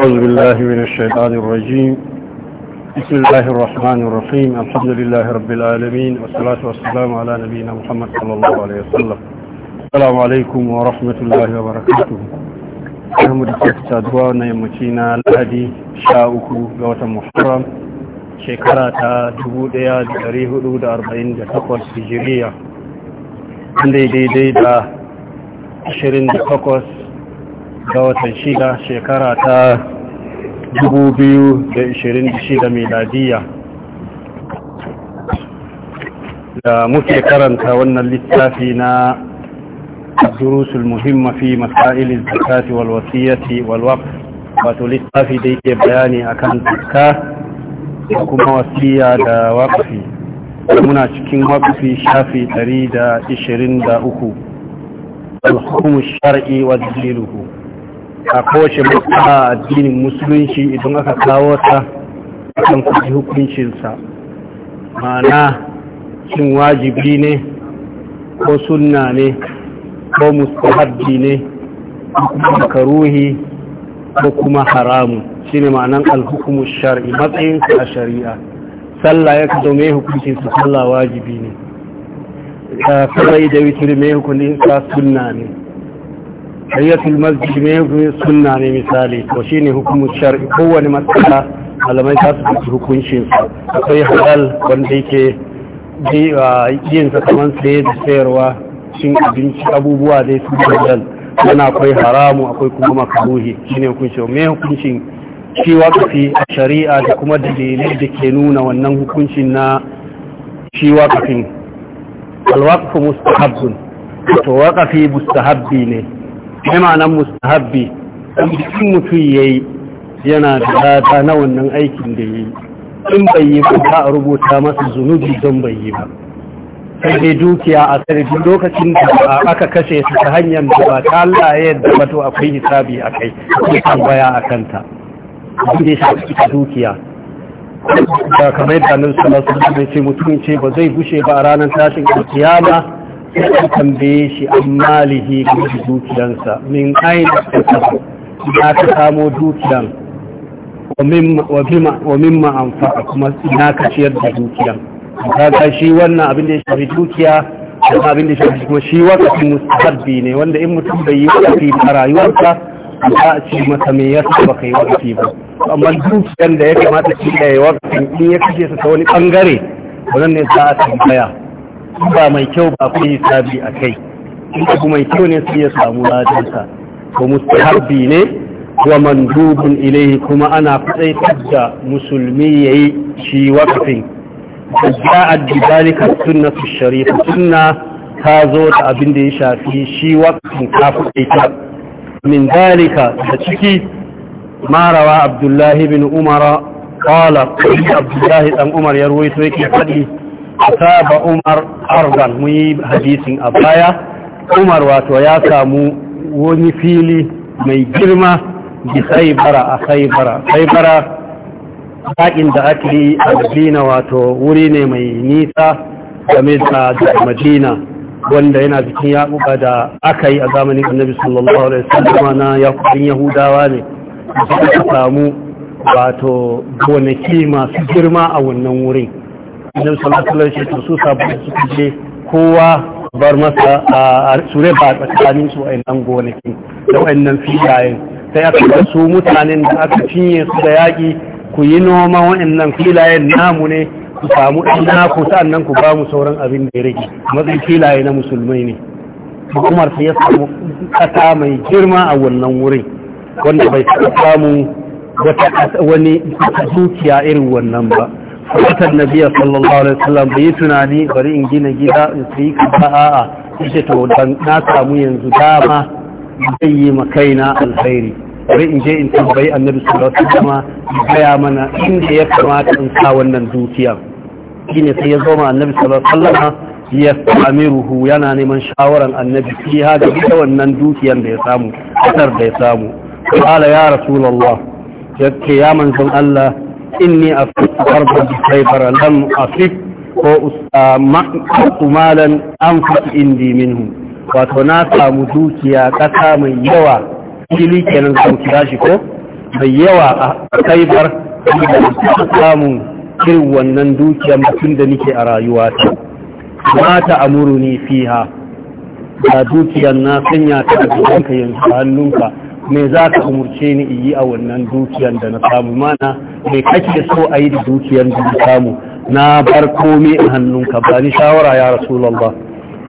أعوذ بالله من الشيطان الرجيم بسم الله الرحمن الرحيم الحمد لله رب العالمين والصلاة والسلام على نبينا محمد صلى الله عليه وسلم السلام عليكم ورحمة الله وبركاته أحمد تدوانا يمتينا لهدي شاوكو قوة محرم شكراتا جبود يا جريه دود أربعين تقوى السجرية عندي دي دي دا عشرين تقوى ga watan shida shekara ta 2026 miladiya da muke karanta wannan littafi na durusul muhimma fi masailin zakati wal wasiyati wal waqf wato littafi da yake bayani akan zakka da kuma wasiya da waqfi muna cikin waqfi shafi 123 al-hukm ash-shar'i wa daliluhu a kowace a addinin musulunci idan aka kawo ta kan kuɗi hukuncinsa ma'ana cin wajibi ne ko sunna ne ko mustahabbi ne ko kuma makaruhi ko kuma haramu shine ma'anan alhukumu shari'a, matsayin a shari'a sallah ya ka mai hukuncin sallah wajibi ne ta sarai da wuturi mai hukuncin sunna ne tayyatul masjid ne sunna ne misali to shine hukumin shar'i kowane matsala malamai za su fi hukuncin su akwai halal wanda yake yin sa kamar saye da sayarwa cin abinci abubuwa dai su halal wani akwai haramu akwai kuma makaruhi shine hukuncin me hukuncin shi wakafi a shari'a da kuma dalilai da ke nuna wannan hukuncin na shi wakafin alwaqfu mustahabbun to waqafi mustahabbi ne ya mustahabbi bikin mutum ya yi yana da lada na wannan aikin da ya yi in bai yi ba a rubuta masa zunubi don bai yi ba sai dai dukiya a sarari lokacin da aka kashe su ta hanyar da ba ta Allah yadda ba to akwai hisabi a kai ko tambaya a kanta inda ya shafi ta dukiya da kamar yadda nan sallallahu alaihi ce mutum ce ba zai bushe ba a ranar tashin kiyama ya tambaye shi an malihi gudu dukiyansa min aina ta tafi ya ta samo dukiyan wa mimma an kuma ina ka ciyar da dukiyan ga shi wannan abin da ya shafi dukiya da abin da ya shafi kuma shi wakafin mustahabbi ne wanda in mutum bai yi wakafi a rayuwarsa za a ce masa mai yasa ka yi wakafi ba amma dukiyan da ya kamata shi da ya wakafin in ya kashe su ta wani bangare wannan ne za a tambaya ba mai kyau ba kuma hisabi a kai in abu mai kyau ne sai ya samu ladansa ko mustahabbi ne wa mandubun ilaihi kuma ana faɗaitar da musulmi yayi shi wakafin da addalika sunna fi sharifa sunna ta zo da abin da ya shafi shi wakafin kafaita min dalika da ciki marawa abdullahi bin umara qala abdullahi dan umar yarwaito yake faɗi saba umar arzan mun yi hadisin a baya umar wato ya samu wani fili mai girma bi saibara a saibara saibara haƙin da ake yi a madina wato wuri ne mai nisa game da madina wanda yana cikin yaƙuka da aka yi a zamanin annabi sallallahu alaihi wasallam na yaƙukan yahudawa ne da suka samu wato gonaki masu girma a wannan wurin idan salatulan shi su sabbin suke je kowa bar masa a sure ba tsakanin su a nan gonakin da filayen sai aka ga su mutanen da aka cinye su da yaƙi ku yi noma wayannan filayen namu ne ku samu ɗan naku sa'annan ku ba mu sauran abin da ya rage matsayin filaye na musulmai ne hukumar sai ya samu ƙasa mai girma a wannan wurin wanda bai samu wata wani dukiya irin wannan ba watan nabiya sallallahu alaihi wasallam bai yi tunani bari in gina gida in sayi kaza a'a ita to dan na samu yanzu dama zai yi ma kaina alkhairi bari in je in tambayi annabi sallallahu alaihi wasallam gaya mana inda ya kamata in sa wannan dukiya shine sai ya zo ma annabi sallallahu alaihi wasallam ya yana neman shawaran annabi fi hada ita wannan dukiyar da ya samu kasar da ya samu qala ya rasulullah yake ya manzon Allah inni afif arba bi khaybar lam afif ko malan an fi indi minhu wato na samu dukiya kasa mai yawa fili kenan zan kira shi ko mai yawa a khaybar da samun irin wannan dukiya mutum da nake a rayuwata mata amuruni fiha da dukiyar na sanya ta a gidanka yanzu hannunka me za ka umurce ni in yi a wannan dukiyar da na samu mana me kake so a yi da dukiyar da samu na bar komai a hannunka ba ni shawara ya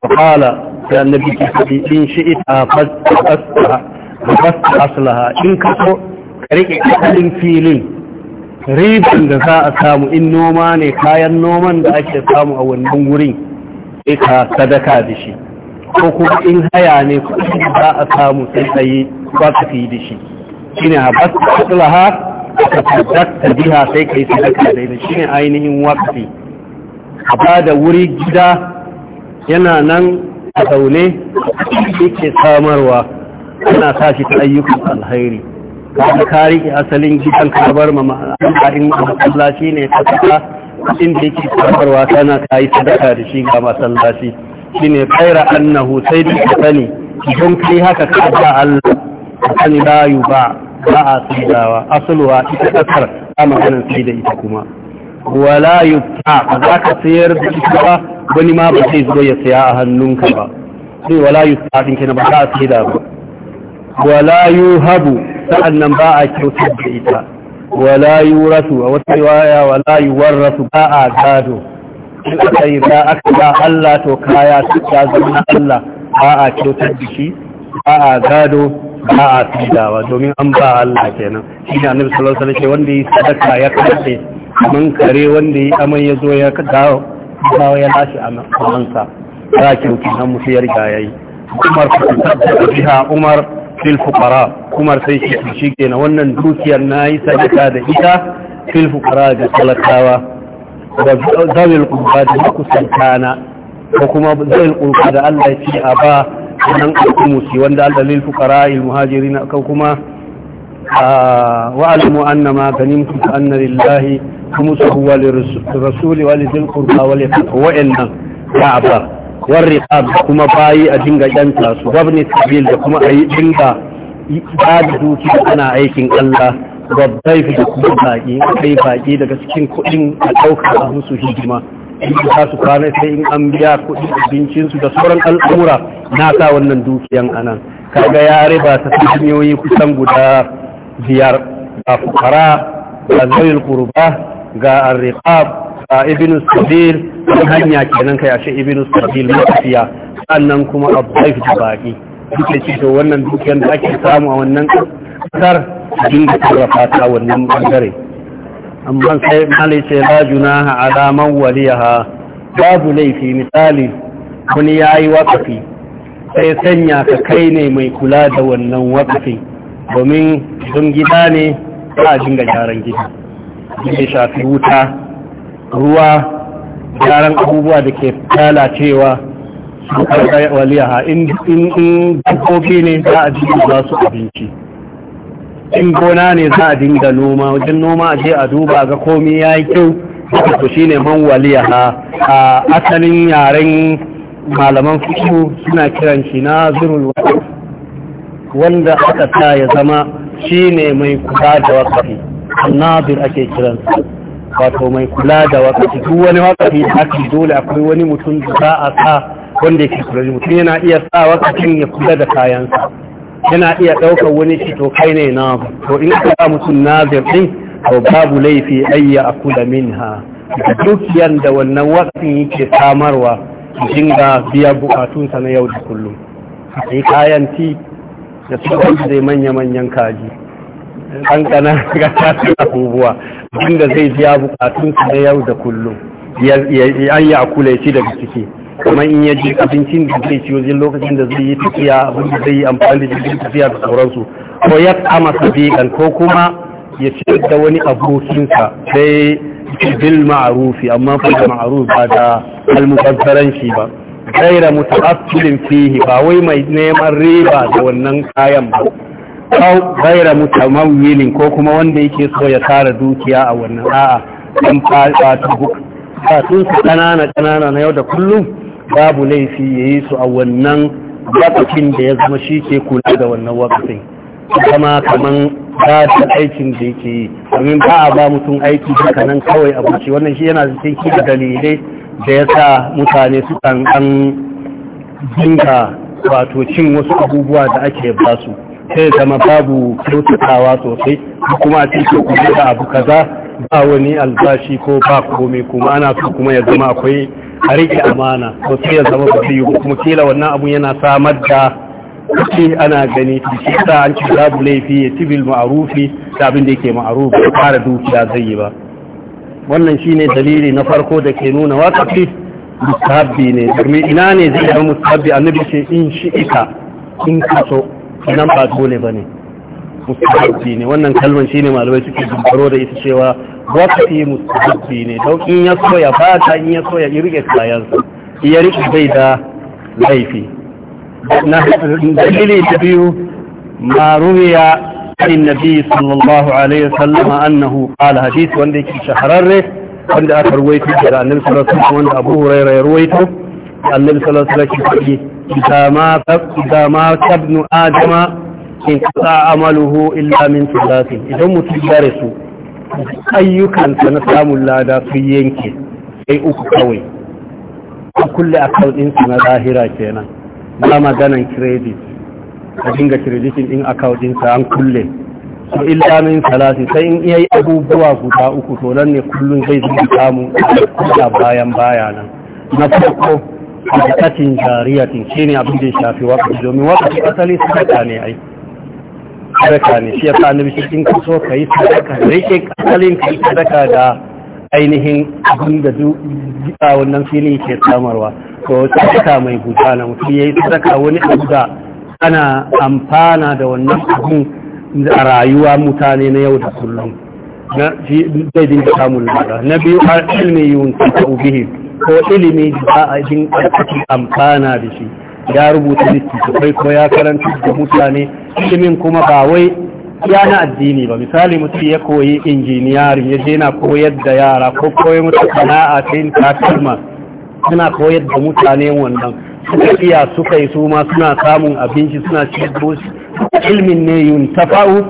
Ba kala ya annabi ke fadi in ita a fasta asalaha in ka so ka rike asalin filin ribin da za a samu in noma ne kayan noman da ake samu a wannan wurin ita ka sadaka da shi ko kuma in haya ne kuɗi za a samu sai a yi wakafi da shi a fasta asalaha sadakta biha sai yi sadaka da ita shine ainihin wakafi. a bada wuri gida yana nan a zaune yake samarwa ana sa shi ta ayyukan alhairi ka ka rike asalin gidan ka bar ma in masallaci ne ka saka inda yake samarwa tana kayi sadaka da shi ga masallaci shine kaira annahu sai da sani don kai haka ka ba Allah sani la ba. ba a tsidawa asalwa ita kasar a maganin sai da ita kuma wala yutta ba za ka sayar da ita ba wani ma ba sai zo ya saya a hannunka ba sai wala yutta din kenan ba za a tsida ba wala yuhabu sa'annan ba a kyautar da ita wala yurasu a wata riwaya wala yuwarrasu ba a gado in aka yi za aka ga Allah to kaya su ta zama Allah ba a kyautar da shi ba a gado ba a fidawa domin an ba Allah kenan shi ne annabi sallallahu alaihi wasallam wanda ya sadaka ya kace kaman kare wanda ya amai ya zo ya dawo dawo ya lashi sa ya kyautu nan musu ya riga yayi Umar fasadda biha Umar fil fuqara Umar sai shi shi kenan wannan dukiyar nayi sadaka da ita fil fuqara da talakawa da zawil qurba da kusantana ko kuma zawil qurba da Allah ya ce a ba nan al-kumusi wanda Allah fuqara al-muhajirin ko kuma wa alamu anna ma ganimtum fa anna lillahi khumsuhu wa lirrasuli wa lidil qurba wa wa inna ka'bar war riqab kuma bayi a dinga yanta su gwabni tabil da kuma ayi dinga ba duki ana aikin Allah babbai da kuma baƙi kai baƙi daga cikin kuɗin a ɗauka a musu hijima. in ba su kwana sai in an biya kuɗi abincinsu da sauran al'amura na sa wannan dukiyan anan kaga ya riba ta hanyoyi kusan guda biyar ga fukara ga zoyin kurba ga arriqab ga ibn sabir kan hanya kenan kai ashe ibn sabir mafiya sannan kuma abdaif da baki da ce to wannan dukiyan da ake samu a wannan kasar dinga sarrafa ta wannan bangare amma sai mali ce la junaha ala man waliyaha babu laifi misali wani yayi waƙafi. sai sanya ka kai ne mai kula da wannan waƙafi. domin don gida ne za a dinga gyaran gida zai shafi wuta ruwa gyaran abubuwa da ke lalacewa su karɓar waliyaha in dabbobi ne za a dinga za su abinci in gona ne za a dinga noma wajen noma a je a duba ga komai ya yi kyau to shine man waliya a asalin yaren malaman fiƙo suna kiran shi na zurul wanda aka sa ya zama shine mai kula da wakafi annabir ake kiransa wato mai kula da wakafi duk wani wakafi da ake dole akwai wani mutum da za a sa wanda yake kula da mutum yana iya sa wakafin ya kula da kayansa yana iya ɗaukar wani shi to kai ne na to in aka ba mutum nazir ɗin to babu laifi ayya a kula minha da dukiyar da wannan wasan yake samarwa ga biya bukatunsa na yau da kullum sai kayan ti da su zai manya-manyan kaji an kana ga tasiri abubuwa da zai biya bukatunsa na yau da kullum ya yi akula shi daga ciki kamar in ya ji abincin da zai ci wajen lokacin da zai yi tafiya abin da zai yi amfani da jirgin tafiya da sauransu ko ya kama sadiqan ko kuma ya ci da wani abokinsa sai bil ma'arufi amma fa da ma'ruf ba da shi ba gaira mutaaffilin fihi ba wai mai neman riba da wannan kayan ba ko gaira mutamawwilin ko kuma wanda yake so ya tara dukiya a wannan a'a buk. fa ba su kanana kanana na yau da kullum babu laifi ya yi su a wannan wakafin da ya zama shi ke kula da wannan wakafin kama kaman ba da aikin da yake yi domin ba a ba mutum aiki duka nan kawai a buci wannan shi yana cikin da dalilai da ya sa mutane su kan an dinga wato cin wasu abubuwa da ake ba su sai zama babu kyautatawa sosai kuma a cikin kuma da abu kaza ba wani albashi ko ba komai kuma ana so kuma ya zama akwai a rike amana ko sai ya zama ba zai kuma kila wannan abun yana samar da shi ana gani shi sa an ci babu laifi ya bil ma'arufi da abin da yake ma'aruf ba fara dukiya zai yi ba wannan shine dalili na farko da ke nuna waqafi mustahabbi ne domin ina ne zai zama mustahabbi annabi ce in shi ita in kaso nan ba dole bane mustahabbi ne wannan kalman shine malamai suke dubbaro da ita cewa mutu mustahabbi ne don in ya so ya fata in ya so ya rike kayansa ya rike bai da laifi na dalili ta biyu ma ruwiya an nabi sallallahu alaihi wasallam annahu qala hadith wanda yake shahararre wanda aka ruwaito da annabi sallallahu alaihi wanda Abu Hurairah ya ruwaito annabi sallallahu alaihi wasallam yake idza ma idza ma tabnu adama in qata amaluhu illa min thalath idan mutum ya rasu ayyukansa na samun lada sun yanke sai uku kawai a kulle account ɗinsa na zahira kenan ba maganan credit a dinga kreditin in account an kulle so illa min salati sai in yayi abubuwa guda uku to nan ne kullum zai zama samu a bayan baya nan na farko da katin jariyatin shine abin da ya shafi wakati domin wakati asali sadaka ne ai sadaka ne shi ya sa annabi shi in kaso so ka yi sadaka rike kasalin ka yi sadaka da ainihin abin da duka wannan fili ke samarwa to sadaka mai gudana mutum ya yi sadaka wani abu da ana amfana da wannan abin a rayuwa mutane na yau da kullum na zai dinga samun lada na biyu har ilmi yun ta ubihi ko ilimi da za a dinga amfana da shi ya rubuta littattafai ko ya karanta da mutane ilimin kuma ba wai ya na addini ba misali mutum ya koyi injiniyari ya je na koyar da yara ko koyi mutu sana'a ta yin takalma suna koyar da mutane wannan suka iya suka yi su ma suna samun abinci suna ci ilmin ne yun tafa'u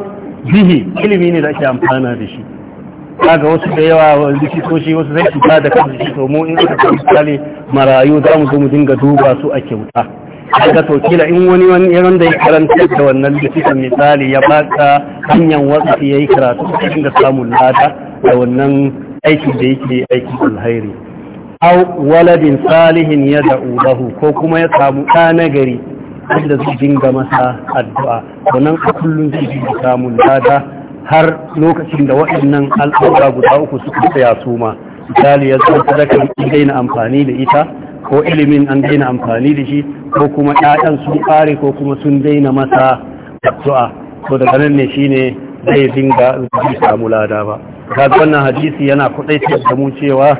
bihi ilimi ne da ake amfana da shi kaga wasu da yawa likitoci wasu sai su da kansu shi to mu in aka misali marayu za mu zo mu dinga duba su a kyauta daga to da in wani wani irin da ya karanta da wannan likitan misali ya baka hanyar wasafi ya yi karatu cikin da samun lada da wannan aiki da yake aiki alhairi au waladin salihin ya da'u lahu ko kuma ya samu ɗa nagari wanda zai dinga masa addu'a wannan a kullum zai dinga samun lada har lokacin da waɗannan al'aura guda uku suka tsaya su ma misali ya zama sadakar daina amfani da ita ko ilimin an daina amfani da shi ko kuma ƴaƴan sun ƙare ko kuma sun daina masa addu'a ko daga nan ne shine zai dinga zai samu lada ba kaga wannan hadisi yana kudaitar da mu cewa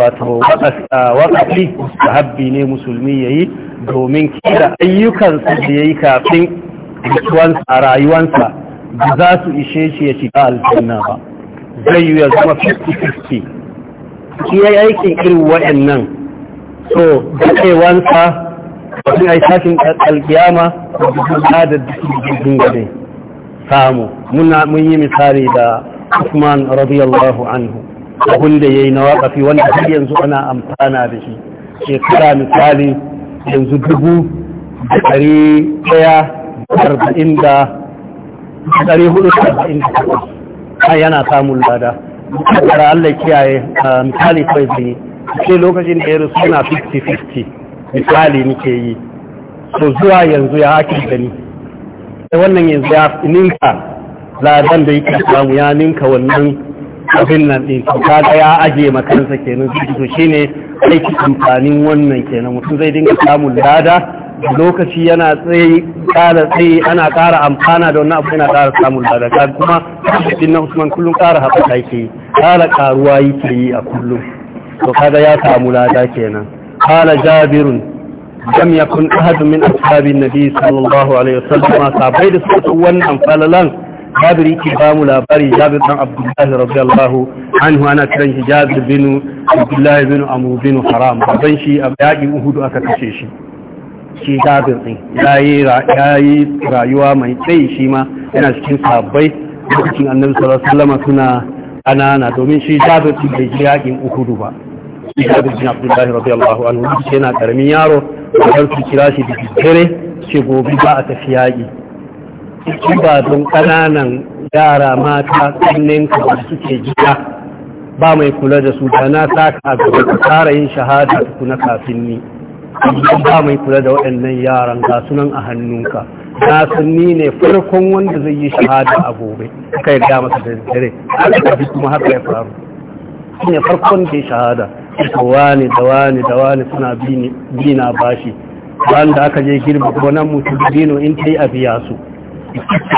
wato waƙafi da habbi ne musulmi yayi domin kira ayyukansa da yayi kafin a rayuwansa ba za su ishe shi ya shiga aljanna ba zai yi ya zama 50-50 shi ya aikin irin waɗannan so daɗewansa ni a tashin alkiyama da da jirgin gane samu mun yi misali da usman radiyallahu anhu abin da ya yi na waƙafi wanda har yanzu ana amfana da shi shekara misali yanzu dubu da ɗari ɗaya arba'in da ɗari hudu da arba'in da yana samun lada. Allah kiyaye misali kawai zai sai lokacin da ya rasu suna 50-50 misali nike yi so zuwa yanzu ya haƙi gani sai wannan yanzu ya ninka ladan da yake samu ya ninka wannan abin nan ɗin to kaga ya aje makansa kenan to shine aiki amfanin wannan kenan mutum zai dinga samun lada lokaci yana tsaye ƙara tsaye ana ƙara amfana da wannan abu yana ƙara samun lada kuma ɗin na usman kullum ƙara haɓaka yake ƙara ƙaruwa yake yi a kullum to kada ya samu lada kenan Kala jabirun lam yakun ahad min ashabin nabi sallallahu alaihi wasallam sabai da su wannan falalan jabir yake ba mu labari jabir dan abdullahi radiyallahu anhu ana kiran shi jabir bin abdullahi bin amr bin haram baban shi a yaƙin uhudu aka kashe shi shi jabir din yayi rayuwa mai tsayi shi ma yana cikin sabbai lokacin annabi sallallahu alaihi wasallam suna anana domin shi jabir bai je yaƙin uhudu ba jihar bin abdullahi radiyallahu anhu duk yana karamin yaro don su kira shi da dare ce gobe ba a tafi yaƙi shi ba don ƙananan yara mata kannin ka da suke gida ba mai kula da su da na saka a gaba ka fara yin shahada na kafin ni amma ba mai kula da waɗannan yaran ga sunan a hannunka na san ni ne farkon wanda zai yi shahada a gobe kai da masa da dare aka kuma haka ya faru shi ne farkon da ya shahada wani da wani da wani suna bina bashi wanda aka je girba nan mutum bino in ta yi a biya su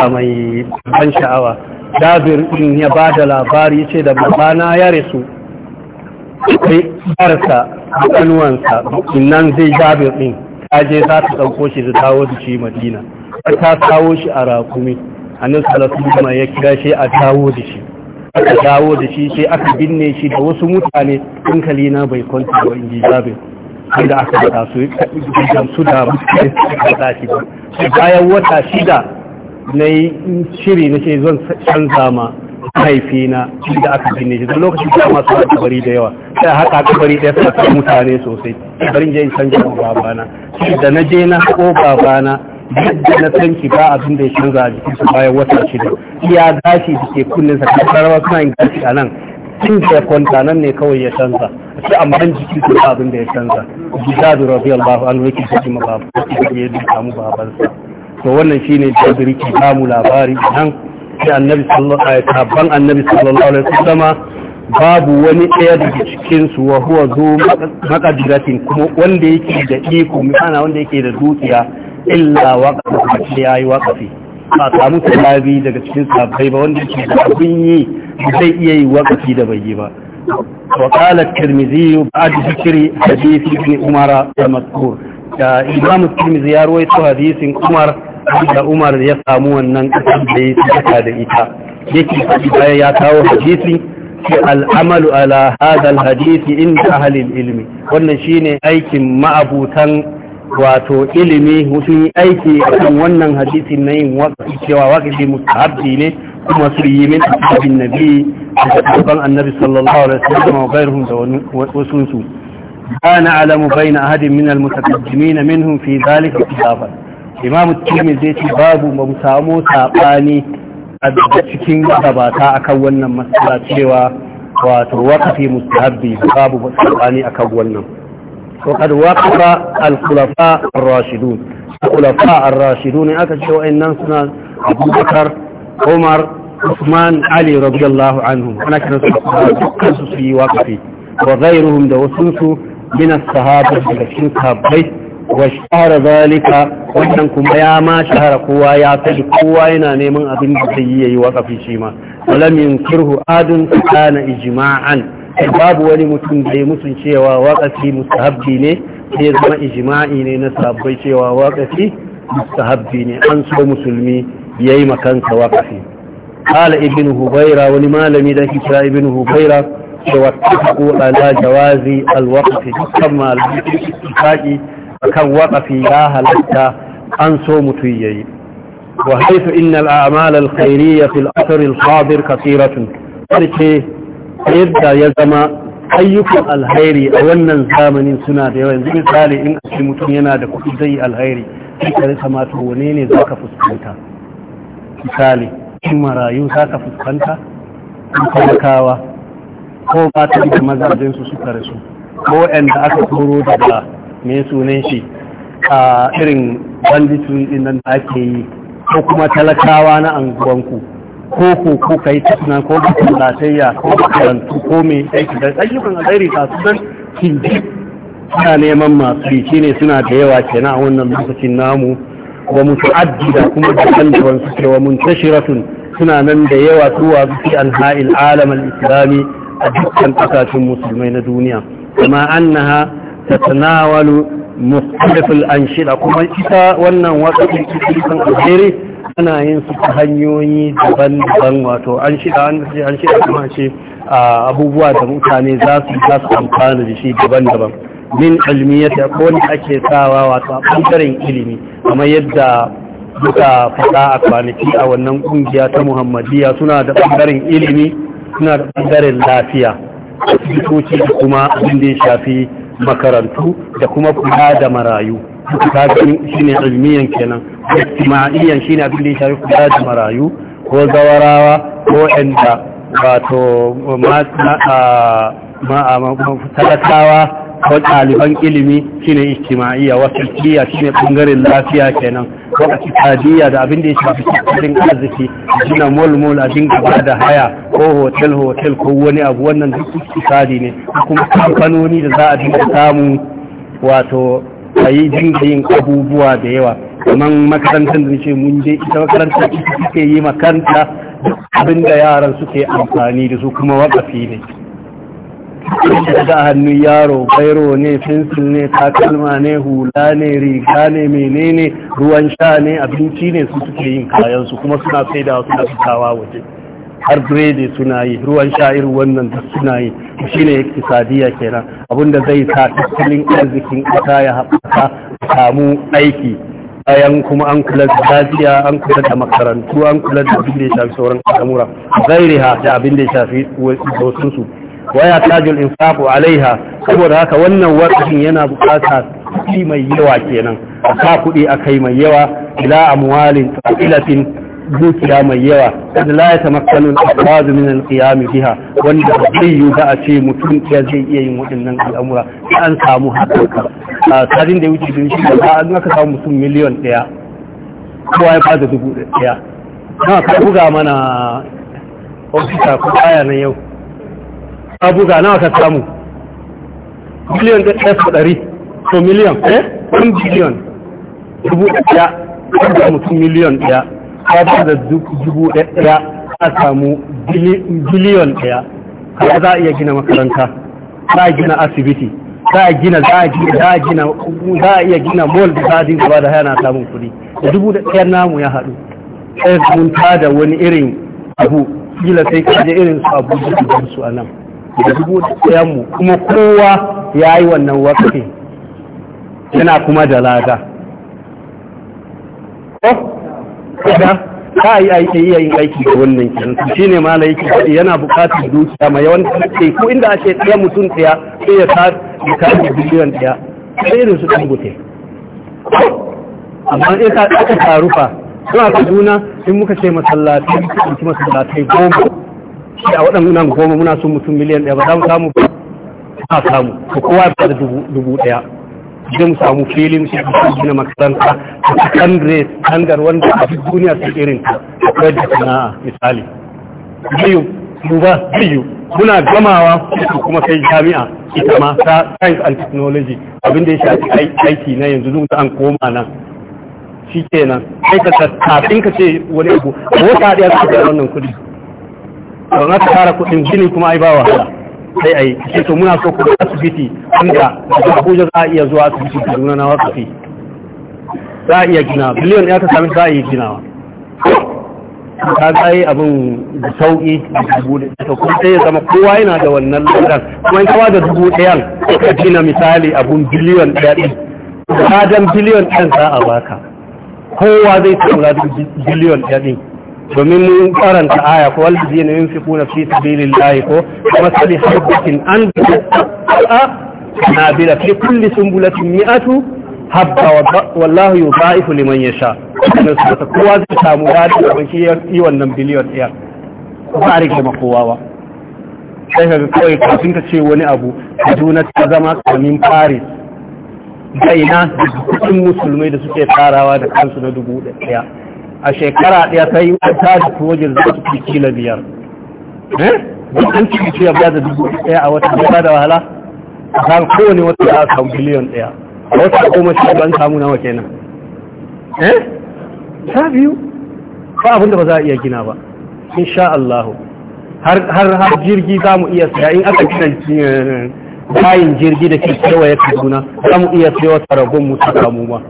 a mai ban sha'awa dabir in ya ba da labari ce da babana ya rasu sai yarsa kanuwansa nan zai dabir ɗin ta je za ta ɗauko shi da dawo da shi madina ta kawo shi a rakumi a nan kuma ya kira shi a dawo da shi aka dawo da shi sai aka binne shi da wasu mutane hankali na bai kwanta ba in ji inda aka da su da mutane da shi ba bayan wata shida na yi shiri na ce zan canza ma na inda aka binne shi don lokacin da masu da kabari da yawa sai haka kabari ɗaya sa mutane sosai barin je canza babana da na je na haƙo babana yadda na san ki ba abin da ya canza a jikin su bayan wata shida iya gashi da ke kunnen sa rawa suna yin gashi a nan tun da kwanta nan ne kawai ya canza sai amma an jiki su ba abin da ya canza jihadu radiyallahu anhu yake da kuma babu da ya duka mu babansa to wannan shine da riki ba mu labari nan sai annabi sallallahu alaihi wasallam annabi sallallahu alaihi wasallam babu wani ɗaya daga cikinsu wa huwa zo makadiratin kuma wanda yake da iko ma'ana wanda yake da dukiya illa waƙafi ya yi waƙafi ba samu talabi daga cikin sabbai ba wanda ke da abin yi zai iya yi waƙafi da bai yi ba a jikiri hadisi ne Umar da matsur Da امام الترمذي ya su hadisin Umar da Umar ya samu wannan ƙasar da ya tsaka da ita yake faɗi bayan ya kawo hadisi ke al'amalu ala hadal hadisi inda ahalin ilmi wannan shine aikin ma'abutan wato ilimi sun yi aiki a kan wannan hadisi na yin cewa wakafi mustahabbi ne kuma su yi min ashabin nabi da sabon annabi sallallahu alaihi wasallam wa gairuhum da wasu su kana alamu baina ahadin min almutakaddimin minhum fi dhalika khilafa imam at-tirmidhi ce babu ba mu samu sabani a cikin gabata akan wannan matsala cewa wato wakafi mustahabbi babu sabani akan wannan وقد وقف الخلفاء الراشدون الخلفاء الراشدون أكتشوا إن ننسنا أبو بكر عمر عثمان علي رضي الله عنهم أنا كنت أكتشوا في وقفي وغيرهم دوسنسوا من الصحابة لكن صحابي واشتهر ذلك wannan kuma ya ma shahara kowa ya sani kowa yana neman abin da zai yi yayi wakafi shi ma walam yunkirhu adun kana ijma'an babu wani mutum da ya musun cewa waƙafi mustahabbi ne sai zama ijma'i ne na sabbai cewa waƙafi mustahabbi ne an so musulmi yayi yi makansa waƙafi ƙala ibn hubaira wani malami da ke kira ibn hubaira cewa tafiƙo ala jawazi alwaƙafi dukkan malamai shi a kan waƙafi ya halatta an so mutum ya yi innal إن الأعمال fil في الأثر الحاضر كثيرة. yadda ya zama ayyukan alhairi a wannan zamanin suna da yawa yanzu misali in ashe mutum yana da kuɗi zai yi alhairi sai ka rasa mata wane ne za ka fuskanta misali in marayu za ka fuskanta in talakawa ko matan da su suka rasu ko yadda aka turo daga mai sunan shi a irin banditry din nan da ake yi ko kuma talakawa na anguwanku ko ko ko kai tunan ko ba ka ko karantu ko me aiki da ayyukan alheri ga su nan kinji suna neman masu yi ne suna da yawa kenan a wannan lokacin namu wa da kuma da kalluwan su cewa muntashiratun suna nan da yawa zuwa zuci an ha'il alam al-islami a dukkan kasashen musulmai na duniya kuma annaha tatanawalu mukhtalif al-anshida kuma ita wannan waka cikin alheri ana yin su ta hanyoyi daban-daban wato an shida an shida kuma ce abubuwa da mutane za su za su amfana da shi daban-daban min ilmiyyata ko ne ake sawa wato a bangaren ilimi kamar yadda duka faɗa a kwanaki a wannan ƙungiya ta muhammadiya suna da bangaren ilimi suna da bangaren lafiya asibitoci da kuma abin da ya shafi makarantu da kuma kula da marayu ka shi shine ilmiyan kenan ijtima'iyyan shine abin da ya shafi kula da marayu ko zawarawa ko inda wato talakawa ko ɗaliban ilimi shine ijtima'iyya wasu kiyya shine ɓangaren lafiya kenan wakati cikadiyya da abin da ya shafi cikin arziki gina mall mol a dinga ba da haya ko hotel-hotel ko wani abu wannan duk ikisadi ne kuma kamfanoni da za a dinga samu wato a yi dinga yin abubuwa da yawa kamar makarantar da ce mun je ita makarantar ita suke yi makaranta abin da yaran suke amfani da su kuma wakafi ne da hannun yaro bairo ne fensil ne takalma ne hula ne riga ne menene ruwan sha ne abinci ne su suke yin kayan su, kuma suna sai da suna fitawa waje har biredi suna yi ruwan sha'ir wannan duk suna yi shine iktisadiya kenan abinda zai sa tattalin arzikin ƙasa ya haɓaka samu aiki bayan kuma an kula da lafiya an kula da makarantu an kula da abin da ya shafi sauran al'amura riha da abin da ya shafi wasu su waya tajul insafu alaiha saboda haka wannan wasu yana bukata kuɗi mai yawa kenan a sa kuɗi a kai mai yawa ila amwalin tsakilatin dukiya mai yawa da la ya tamakkanu al-aqwaz min al-qiyam biha wanda zai yi da a ce mutum ya zai iya yin waɗannan al'amura an samu haka a tsarin da wuce din shi da an aka samu mutum miliyon ɗaya kowa ya bada dubu ɗaya na ka buga mana ofisa ko aya na yau ka buga nawa ka samu miliyon ɗaya sau ɗari ko miliyon eh ɗan biliyon dubu ɗaya wanda mutum miliyon ɗaya ka da dubu ɗaya a samu biliyon ɗaya ka za a iya gina makaranta za a gina asibiti za a gina za a gina za a gina za a iya gina mall da za a dinga ba da yana samun kuɗi da dubu da ɗaya namu ya haɗu sai mun tada wani irin abu kila sai ka je irin su abu da su a nan da dubu da ɗaya mu kuma kowa ya yi wannan wakafi yana kuma da lada oh! kada ka yi aiki iya yin aiki da wannan kenan shi ne mala yake faɗi yana buƙatar dukiya mai yawan ce ko inda ake ɗaya mutum ɗaya sai ya kare biliyan ɗaya sai irin su dangote amma in ka aka taru fa suna kaduna in muka ce masallatai ɗauki masallatai goma shi a waɗannan goma muna son mutum miliyan ɗaya ba za mu samu ba a samu ko kowa ba da dubu ɗaya zai mu samu filin shi a gina makaranta a cikin standard wanda a duk duniya su irin ta akwai da sana'a misali biyu ba biyu muna gamawa kuma sai jami'a ita ma ta science and technology abinda ya shafi aiki na yanzu ta an koma nan shi kenan sai ka kafin ka ce wani abu a wata ɗaya su da wannan kuɗi don aka tara kuɗin gini kuma ai ba wahala sai a yi ce to muna so ku da asibiti inda da abuja za a iya zuwa asibiti da nuna na wakafi za a iya gina biliyon ya ta sami za a iya ginawa ta zai abin da sauƙi da dubu da ta kuma sai ya zama kowa yana da wannan lardar kuma in kawa da dubu ɗayan ka gina misali abin biliyon ɗaya ɗin dan biliyon ɗayan za a baka kowa zai samu ladan biliyon ɗaya ɗin domin mun karanta aya ko alladhina yunfiquna fi sabilillahi ko masali habatin an nabila fi kulli sumbulatin mi'atu habba wallahu yudha'ifu liman yasha ne su ta kowa zai samu dadi da banki yi wannan biliyon ɗaya ba a rike makowa ba sai ka kawai kafin ka ce wani abu kaduna ta zama kamin paris da ina da kudin musulmai da suke tarawa da kansu na dubu ɗaya a shekara ɗaya ta yi ta da projin za su fi kila biyar eh wannan ki ce ya da dubu ɗaya a wata ba da wahala A kan kowane wata ya samu biliyon ɗaya a wata goma shi ban samu nawa kenan eh ta biyu ba abin da ba za a iya gina ba sha Allah har har jirgi za mu iya saya in aka gina eh, bayin jirgi da ke kewaye kaduna za mu iya wata ragon mu ta samu ba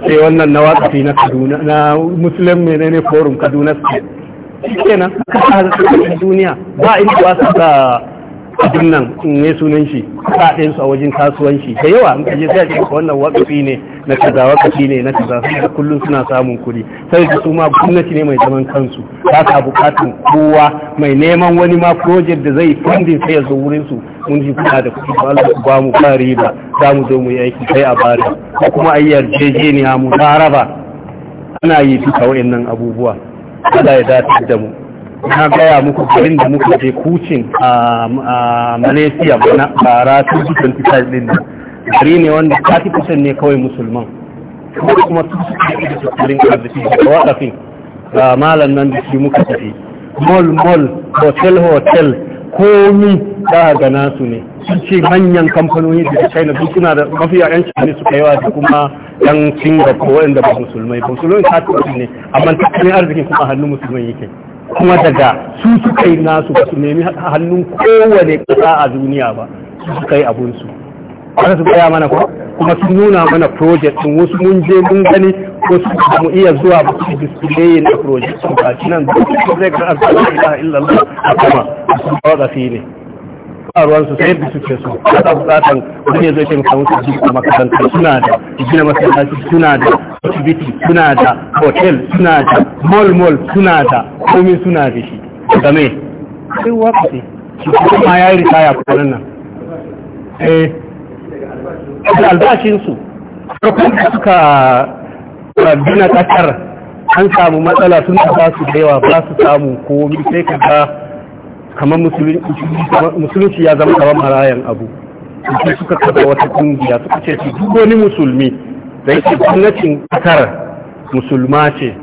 sai wannan na wakafi na kaduna na musulun menene forum kaduna state kenan haka a duniya ba inda wasu su abin nan ne sunan shi ɗin su a wajen kasuwanci da yawa in kaje sai a ce wannan wakafi ne na kaza wakafi ne na kaza sai da kullum suna samun kuɗi sai da su ma gwamnati ne mai zaman kansu ba ta bukatun kowa mai neman wani ma project da zai fundin sai ya wurin su mun ji kuna da kuɗi ba Allah ku ba riba za mu zo mu yi aiki kai a bari ko kuma a yi yarjejeniya mu raba ana yi duka wa'annan abubuwa Allah ya dace da mu na gaya muku garin da muka je kucin a malaysia bana bara 2025 din gari ne wanda 30% ne kawai musulman kuma su suke da tattalin arziki da wakafin ga malam nan da shi muka tafi mall mall hotel hotel komi za gana su ne sun ce manyan kamfanoni da china duk suna da mafi yan ne suka yawa da kuma yan singapore wadanda ba musulmai ba musulmai ta tuwa ne amma tattalin arzikin kuma hannun musulmai yake kuma daga su suka yi nasu ba su nemi hannun kowane ƙasa a duniya ba su suka yi abinsu aka su gaya mana kuma sun nuna mana project din wasu mun je mun gani wasu ba mu iya zuwa ba su display na project ba nan duk zai ga azza ila illa Allah a kuma su ba ne ba ruwan su sai da suke so a ta bukatan wani zai ce maka musu a makaranta suna da gina masallaci suna da asibiti suna da hotel suna da mall mall suna da komai suna da shi da me sai waka ce shi kuma ya yi ritaya ko nan eh da albashin su farkon da suka rabbina kasar an samu matsala suna ba su da yawa ba su samu komi sai ka ga kamar musulunci ya zama kamar marayan abu su suka kafa wata kungiya suka ce su duk wani musulmi da yake gwamnatin kasar musulma ce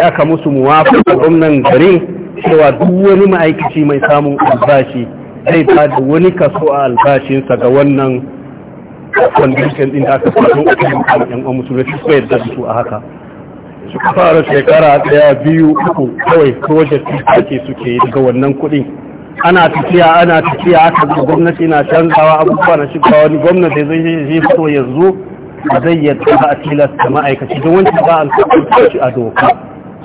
ya ka musu muwafa gwamnan garin cewa duk wani ma'aikaci mai samun albashi zai ba da wani kaso a albashinsa ga wannan condition din da aka faɗo a kan yan musulunci su yadda su a haka suka fara shekara daya biyu uku kawai project ake suke yi daga wannan kuɗin ana tafiya ana tafiya aka ga gwamnati na canzawa abubuwa na shiga wani gwamnati zai yi so yanzu zai yadda a tilasta ma'aikaci don wancan ba a shi a doka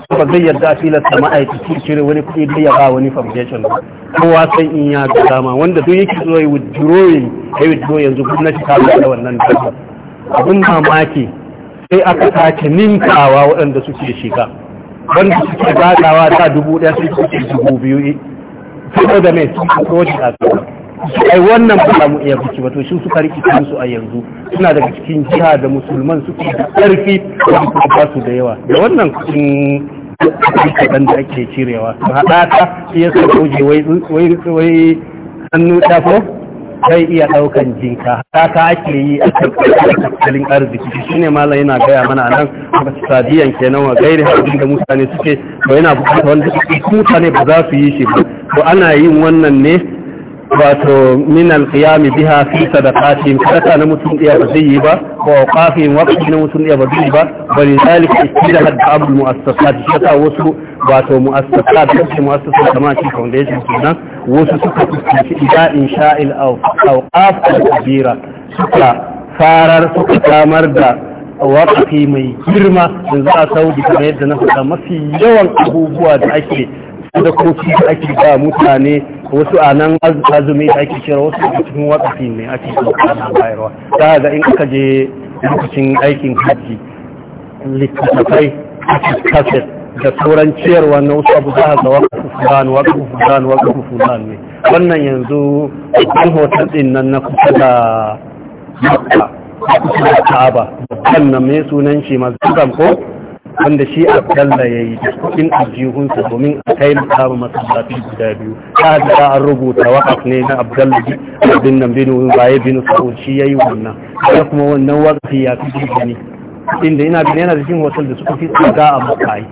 ba zai yadda a tilasta ma'aikaci cire wani kuɗi da ya ba wani foundation kowa san in ya ga dama wanda duk yake zuwa yi withdrawing ya withdraw yanzu gwamnati ta da wannan dama abin mamaki sai aka sake ninkawa waɗanda suke shiga wanda suke gadawa ta dubu ɗaya sai suke dubu biyu saboda mai sun soji a gaba su ai wannan ba mu iya biki ba to shi suka riƙe su a yanzu suna daga cikin jiha da musulman suke da ƙarfi da suka ba su da yawa da wannan kuɗin kaɗan da ake cirewa su haɗa ta shi ya sa wai hannu ɗafo zai iya daukan jinka haka ake yi a tattalin arziki shi ne malam yana gaya mana a nan ba su sadiyan kenan wa gairi abin da mutane suke to yana bukata wanda mutane ba za su yi shi ba to ana yin wannan ne wato min alqiyami biha fi sadaqatihim sadaka na mutum ɗaya ba zai yi ba wa awqafihim waqti na mutum ɗaya ba zai yi ba wa lidhalika istidha ba'd mu'assasat shata wasu wato mu'assasat da mu'assasat kamar shi foundation kenan wasu suka fuskanci ida insha'il awqaf al-kabira suka farar suka samar da waƙafi mai girma yanzu a saudi kamar yadda na faɗa mafi yawan abubuwa da ake kofi da ake ba mutane wasu a nan azumi da ake kira wasu a cikin wakafi ne ake kira bayarwa za ga in aka je lokacin aikin hajji littattafai kaset da sauran ciyarwa na wasu abu za a ga wakafi fulani wakafi fulani wakafi fulani ne wannan yanzu an hoton din nan na kusa da makka kusa da ta'aba babban na mai sunan shi mazan ko wanda shi abdalla ya yi da aljihunsa domin a kai kama masallaci guda biyu ta da an rubuta waƙaf ne na abdalla abin nan bin baye bin sa'o shi ya yi wannan ya kuma wannan wakafi ya fi gani inda ina bin yana cikin hotel da suka fi tsada a makayi.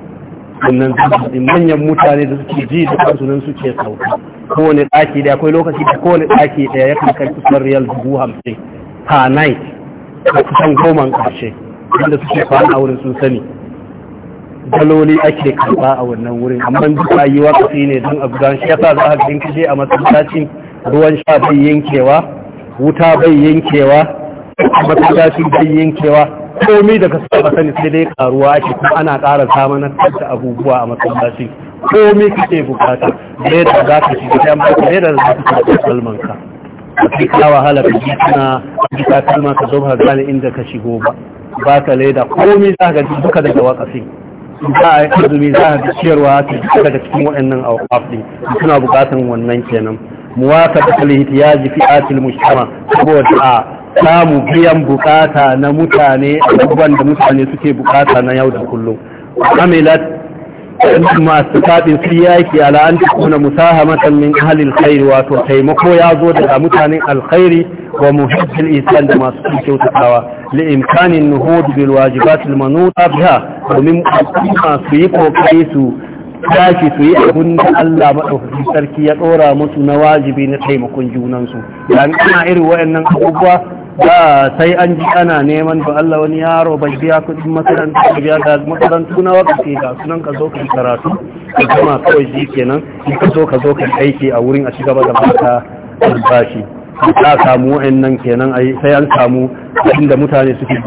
wannan zaɓin manyan mutane da suke ji da kansu nan suke sauka kowane ɗaki da akwai lokaci da kowane ɗaki ɗaya ya kan kai kusan riyal dubu hamsin per night da kusan goma ƙarshe wanda suke kwana a wurin sun sani daloli ake karba a wannan wurin amma duk ayi wakasi ne don a gudan shi yasa za a ga kaje a matsalacin ruwan sha bai yankewa wuta bai yankewa matsalacin bai yankewa komai da ka saba sani sai dai karuwa ake kuma ana ƙara samanantar da abubuwa a matsalacin komai kake bukata da za ka shiga ta yamma da za ka karɓi kalmanka a ka wahala ka ji kana ka kalma ka zo ba gane inda ka shigo ba ba ka leda komai za ka ji duka daga wakasi za a yi azumi za a ciyarwa ta daga cikin waɗannan awqaf din suna buƙatar wannan kenan muwafaqat al-ihtiyaji fi atil mujtama saboda a samu biyan bukata na mutane abubuwan da mutane suke bukata na yau da kullum amilat masu kafin su yaki ala an tukuna musahamatan min ahalil khairi wato taimako ya zo daga mutanen alkhairi wa muhajjal insan da masu cikin kyautatawa li imkanin nuhud bil wajibat al manuta biha domin al'umma su yi kokari su tashi su yi abin da Allah maɗaukaki sarki ya ɗora musu na wajibi na taimakon junansu da ana irin waɗannan abubuwa da sai an ji ana neman da Allah wani yaro bai biya kuɗin makaranta biya da makarantu na wakati ga sunan ka zo ka karatu ka zama kawai shi kenan in zo ka zo ka aiki a wurin a ci gaba da baka albashi ta samu wa'annan kenan yi sai an samu inda mutane suke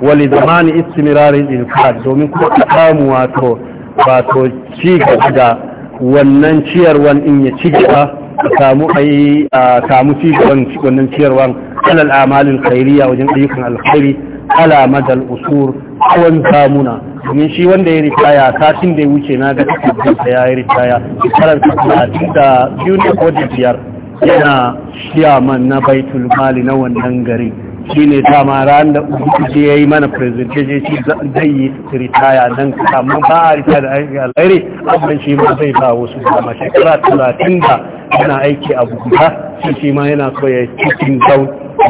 wali zamani istimirarin infad domin kuma ka samu wato wato ci gaba da wannan ciyarwan in ya ci gaba a samu yi a samu ci gaban wannan ciyarwan alal amalin khairiya wajen ayyukan alkhairi ala madal usur tsawon samuna domin shi wanda ya ritaya satin da ya wuce na ga takardunsa ya yi ritaya shekarar ta da biyu ne ko da biyar yana shiyaman na baitul mali na wannan gari shi ne dama ran da ubangiji ya yi mana presentation shi zai yi ritaya nan amma ba a rita da aiki alheri abin shi ma zai ba wasu dama shekara talatin da yana aiki a guda shi shi ma yana so ya cikin down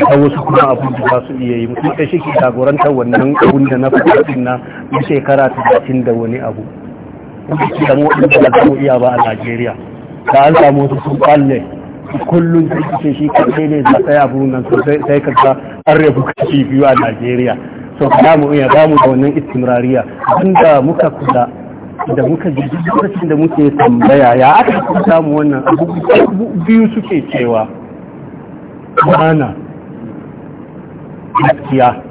da wasu kuma abin da ba su iya yi mutum da shi ke jagorantar wannan abin da na faɗaɗin na shekara talatin da wani abu wanda ke da mu ba za iya ba a Najeriya da an samu wasu sun kwalle kullum sai ce shi kaɗai ne za tsaya abu nan sai ka ga an rabu kashi biyu a najeriya so ka mu iya ba mu da wannan istimrariya inda muka kula da muka ji lokacin da muke tambaya ya aka samu wannan abu biyu suke cewa mana gaskiya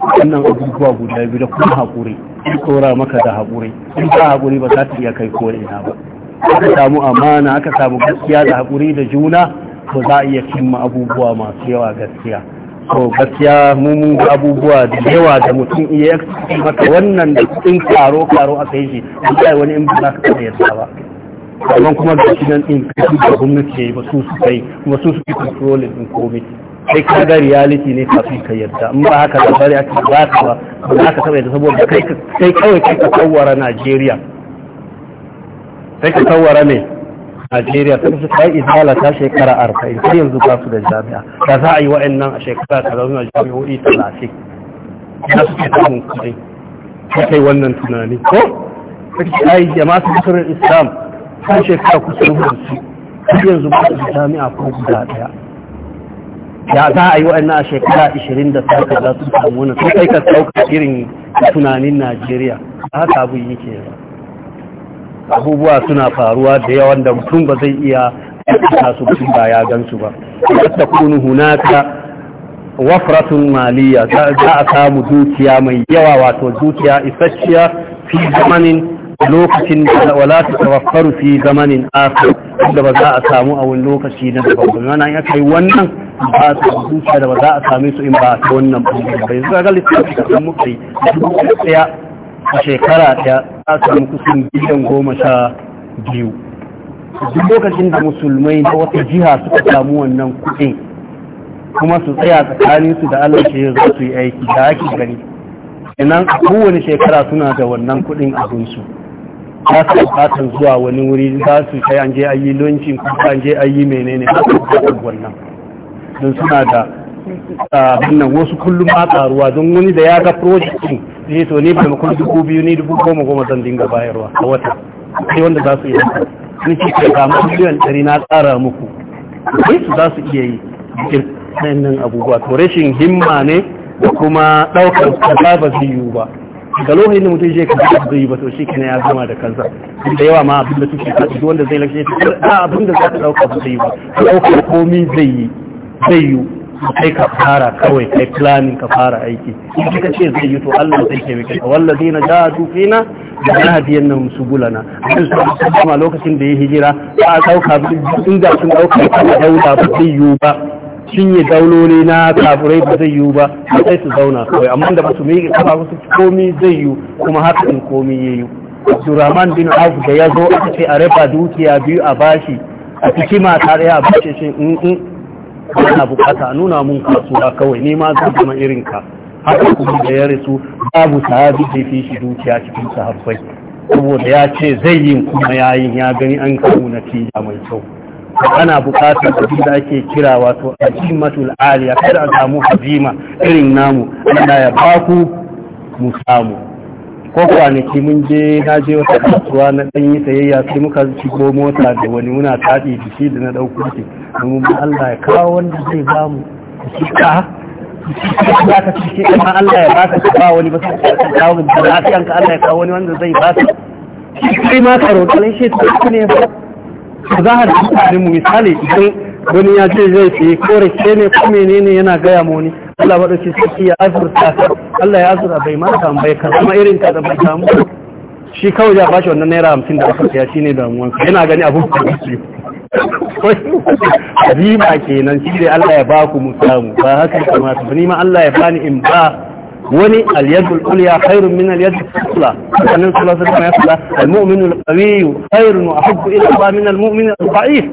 wannan abubuwa guda biyu da kuma haƙuri in tsora maka da haƙuri in ba haƙuri ba za ta iya kai ko'ina ina ba aka samu amana aka samu gaskiya da haƙuri da juna to za a iya cimma abubuwa masu yawa gaskiya to gaskiya mun ga abubuwa da yawa da mutum iya maka wannan da in karo karo aka yi shi wallahi wani in ba ka da yarda ba amma kuma ga shi nan in kashi da gwamnati ya ba su su kai kuma su su control din in komai sai ka ga reality ne kafin ka yarda in ba haka da bari aka ba ka ba ba za ka taɓa yadda saboda kai kawai kai ka tsawara Najeriya sai ka tsawara ne Najeriya sun su kai izala ta shekara arba'in sai yanzu ba su da jami'a da za a yi wa'annan a shekara ta zauna jami'o'i talatin ya su ke samun kuɗi ta kai wannan tunani ko ta yi jama'a nasarar islam ta shekara kusan hamsin sai yanzu ba su da jami'a ko guda ɗaya ya za a yi wa'annan a shekara ashirin da saka za su samu wani sai kai ka sauka irin tunanin Najeriya haka abu yake yanzu abubuwa suna faruwa da yawa wanda mutum ba zai iya ta su cikin baya gansu ba ta kunu hunaka wafratun maliya za a samu dukiya mai yawa wato dukiya isasshiya fi zamanin lokacin da wala ta tawaffaru fi zamanin akhir da ba za a samu a wani lokaci na daban ba yana ya kai wannan ba ta dukiya da ba za a same su in ba ta wannan ba bai zaga lissafi da mukai duk daya a shekara ɗaya a samu kusan biliyan goma sha biyu duk lokacin da musulmai na wata jiha suka samu wannan kuɗin. kuma su tsaya tsakaninsu da allah ce za su yi aiki da ake gani inan a kowane shekara suna da wannan kuɗin abinsu za su buƙatar zuwa wani wuri za su kai an je ayi loncin kuma an je ayi menene za su wannan don suna da ah, abin nan wasu kullum a ƙaruwa don wani da ya ga project ne eh, to ni bai makon dubu biyu ni dubu goma goma zan dinga bayarwa a wata sai wanda za su yi ni ce ka ga miliyan ɗari na tsara muku sai su za su iya yi cikin nan abubuwa to rashin himma ne da kuma ɗaukar kaza ba zai yiwu ba da lokacin da mutum je ka zai yi ba to shi kana ya zama da kansa da yawa ma abin da suke faɗi wanda zai lafiya ta abin da za ta ɗauka ba zai yi ba ɗaukar komi zai yi zai yiwu kai ka fara kawai kai planning ka fara aiki in ka ce zai yi to Allah zai ke miki wallazi na jahadu fina da hadiyan nan subulana gulana. su kuma lokacin da ya hijira ba sauka inda sun dauka ka dauka ba zai yi ba sun yi dauloli na kafurai ba zai yi ba sai su zauna kawai amma da ba su mai kafa su komi zai yi kuma haka in komi yayi Abdurrahman bin Auf da ya zo aka ce a raba dukiya biyu a bashi a cikin mata daya a bashi shi ana bukata nuna mun kasuwa kawai ne ma zan zama irinka. haka kuma da ya rasu babu sahabi zai fi shi dukiya cikin sahabbai saboda ya ce zai yin kuma yayin ya gani an kawo natija mai kyau ana bukatar abin da ake kira wato ajimatul aliya kada a samu hazima irin namu Allah ya baku mu samu ko kwanaki mun je na je wata kasuwa na dan yi sayayya sai muka shigo mota da wani muna taɗi jiki da na ɗauko ce domin Allah ya kawo wanda zai ba mu shi ka za ka ci shi amma Allah ya baka ka ba wani ba sai ka kawo mu da lafiyan ka Allah ya kawo wani wanda zai ba ka kai ma ka roƙa shi to ne ba za a da mu misali idan wani ya ce zai sai kore ce ne ko menene yana gaya mu wani Allah shi sarki ya azurta ka Allah ya azurta bai ma samu bai ka kuma irin ka da bai samu shi kawai ya bashi wannan naira hamsin da aka ya ne damuwan yana gani abu da shi riba kenan shi dai Allah ya ba ku mu samu ba haka kamata ba ni ma Allah ya bani in ba wani al-yadul ulya khairun min al-yadul sufla annabi sallallahu alaihi wasallam ya fada al-mu'minu al-qawi khairun wa ahabbu ila Allah min al-mu'min al-da'if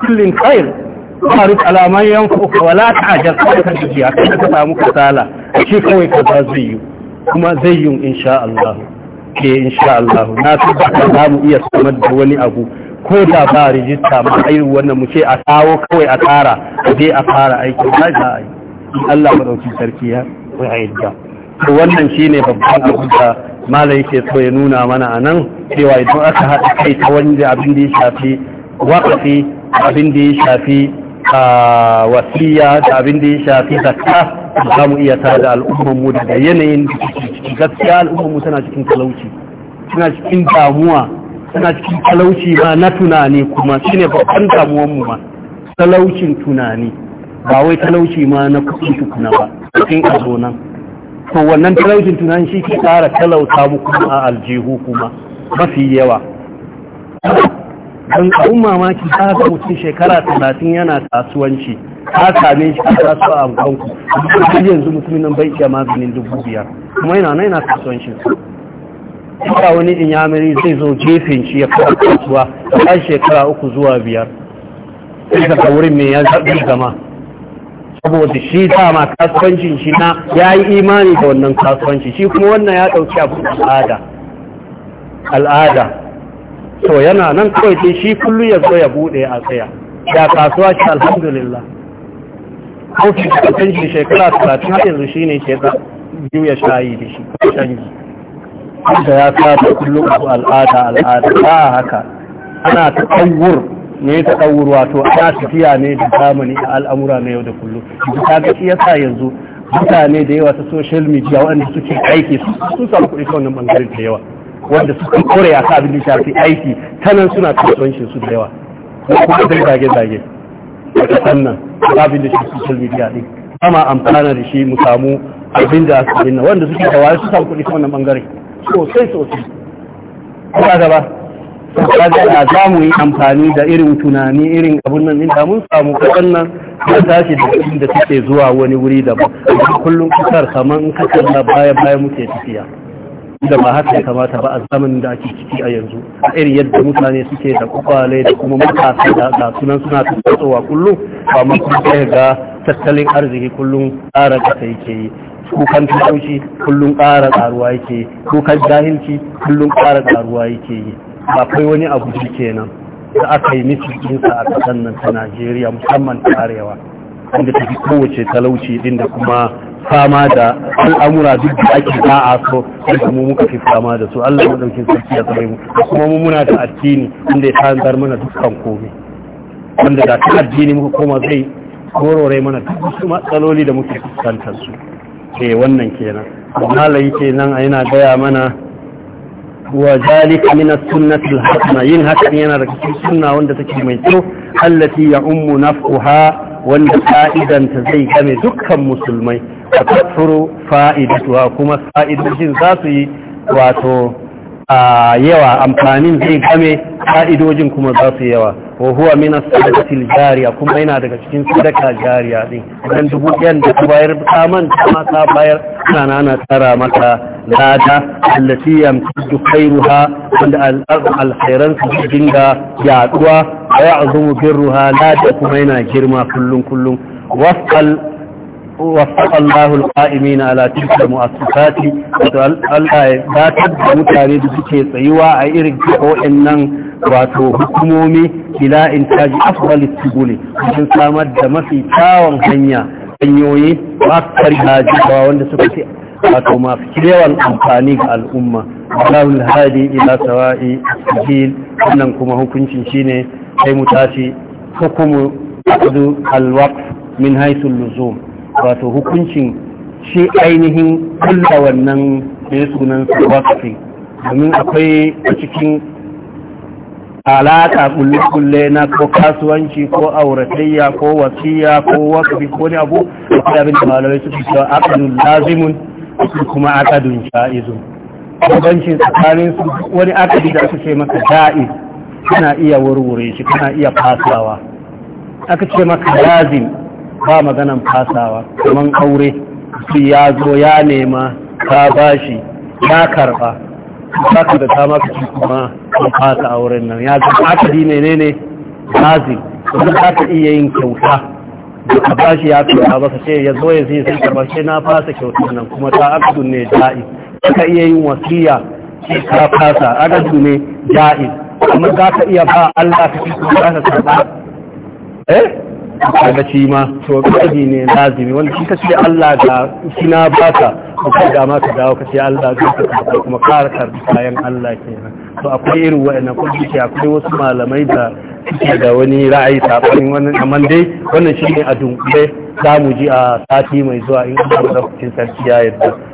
kullin khairun faru alaman yanku wala ta'ajal ka ka kada ka samu kasala shi kawai ka ba zai yi kuma zai yi insha Allah ke insha Allah na tabbata za mu iya samar da wani abu ko da ba rijista ma ai wannan mu ce a kawo kawai a tsara je a fara aiki ba za a yi Allah madauki sarki ya yadda to wannan shine babban abu da malai yake so ya nuna mana anan cewa idan aka haɗa kai ta wani abin da ya shafi wakafi abin da ya shafi wasiya da abin da ya shafi zakka za mu iya tare da al'ummar mu daga yanayin gaskiya al'ummar mu tana cikin talauci tana cikin damuwa tana cikin talauci ma na tunani kuma shine babban damuwar mu ma talaucin tunani ba wai talauci ma na kuɗi tukuna ba cikin azo nan to wannan talaucin tunani shi ke ƙara talauta mu kuma a aljihu kuma mafi yawa don abun mamaki ta ga mutum shekara talatin yana kasuwanci ta same shi a kasuwa a banku amma yanzu mutumin nan bai iya maganin dubu biyar kuma yana nan yana kasuwancin wani inyamiri zai zo gefen shi ya kawo kasuwa a shekara uku zuwa biyar sai daga wurin mai ya zaɓi zama saboda shi dama kasuwancin shi na ya yi imani da wannan kasuwanci shi kuma wannan ya ɗauki abu al'ada to yana nan kawai ce shi kullu ya zo ya bude a tsaya ya kasuwa shi alhamdulillah ko shi kan shi shekara 30 har yanzu ne ke da biyu ya shayi da shi ko canji da ya saba kullum ku al'ada al'ada ba haka ana ta tsawur ne ta tsawur wato ana tafiya ne da zamani a al'amura na yau da kullum ta ga shi yasa yanzu mutane da yawa ta social media waɗanda suke aiki su samu kuɗi ta wannan bangare da yawa wanda suka kore a abin da shafi aiki ta nan suna kasuwancin su da yawa da kuma da zage-zage a kasan nan abin da shi social media din kama amfana da shi mu samu abin da aka nan. wanda suke da waye su samu kuɗi ta wannan bangare sosai sosai ba gaba kaga za mu yi amfani da irin tunani irin abun nan inda mun samu kasan nan ya tashi da inda suke zuwa wani wuri daban kullum kasar kamar kasar da baya baya muke tafiya da ba haka ya kamata ba a zamanin da ake ciki a yanzu a irin yadda mutane suke da kwakwale da kuma matasa da ga sunan suna tattatsowa kullum ba ma kuma sai ga tattalin arziki kullum ƙara ƙasa yake yi kukan talauci kullum ƙara ƙaruwa yake yi kukan jahilci kullum ƙara ƙaruwa yake yi ba kai wani abu kenan da aka yi misikinsa a ƙasar nan ta najeriya musamman ta arewa wanda ta fi kowace talauci din da kuma fama da al'amura duk da ake a so sai kuma muka fi fama da su Allah mu dauke sarki ya tsare mu kuma mu muna da addini inda ya dar mana dukkan komai wanda da ta addini muka koma zai korore mana duk su matsaloli da muke fuskantar su eh wannan kenan mala yake nan a yana gaya mana wa zalika min as-sunnati al-hasana yin hakan yana da cikin sunna wanda take mai kyau allati ya ummu naf'uha wanda fa'idanta zai game dukkan musulmai a tattaro fa'idatuwa kuma fa'idojin za su yi wato a yawa amfanin zai game fa'idojin kuma za su yawa wa huwa mina sadakatil jariya kuma yana daga cikin sadaka jariya din idan dubu ɗayan da ta bayar ma ta bayar ana na tsara maka lada allati yamtu khairuha wanda al-alkhairan su dinga yaduwa a ya azumu birruha lada kuma yana girma kullum kullum wasaƙa Allahul ƙa'imi na alatin da mu'asisati wato Allah ya da mutane da suke tsayuwa a irin waɗannan wato hukumomi ila in taji afdalis tubuli wajen samar da mafi kyawun hanya hanyoyi makar hajjawa wanda suka fi wato masu yawan amfani ga al'umma Allahul hadi ila sawa'i sabil wannan kuma hukuncin shine sai mu tashi hukumu aqdu alwaqf min haythu luzum wato hukuncin shi ainihin kulla wannan ne sunan waqfi domin akwai a cikin alaka kulle-kulle na ko kasuwanci ko auratayya ko wasiya ko waqfi ko ne abu akwai abin da malamai suke cewa aqdun lazimun kuma aqdun sha'izun bambancin tsakanin su wani akadi da aka ce maka da'i kana iya wurwure shi kana iya fasawa aka ce maka lazim ba maganan fasawa kaman aure su ya zo ya nema ka bashi ya karba ka da ta maka ci kuma ka fasa auren nan ya zama akadi ne ne lazim kuma za ka iya yin kyauta a bashi ya tura ba ka ce ya zo ya zai sai karba shi na fasa kyauta nan kuma ta aka ne da'i ka iya yin wasiya ka fasa aka ne da'i amma za ka iya ba Allah ka cikin ba ka karɓa eh ga shi ma to kaji ne lazimi wanda shi ka ce Allah da shi na baka ko ka da ma ka dawo ka ce Allah ka karɓa kuma ka kar kayan Allah kenan to akwai irin wa'annan kuɗi ke akwai wasu malamai da suke da wani ra'ayi saɓanin wannan amma dai wannan shi a dunkule za mu ji a sati mai zuwa in Allah ya sarki ya yarda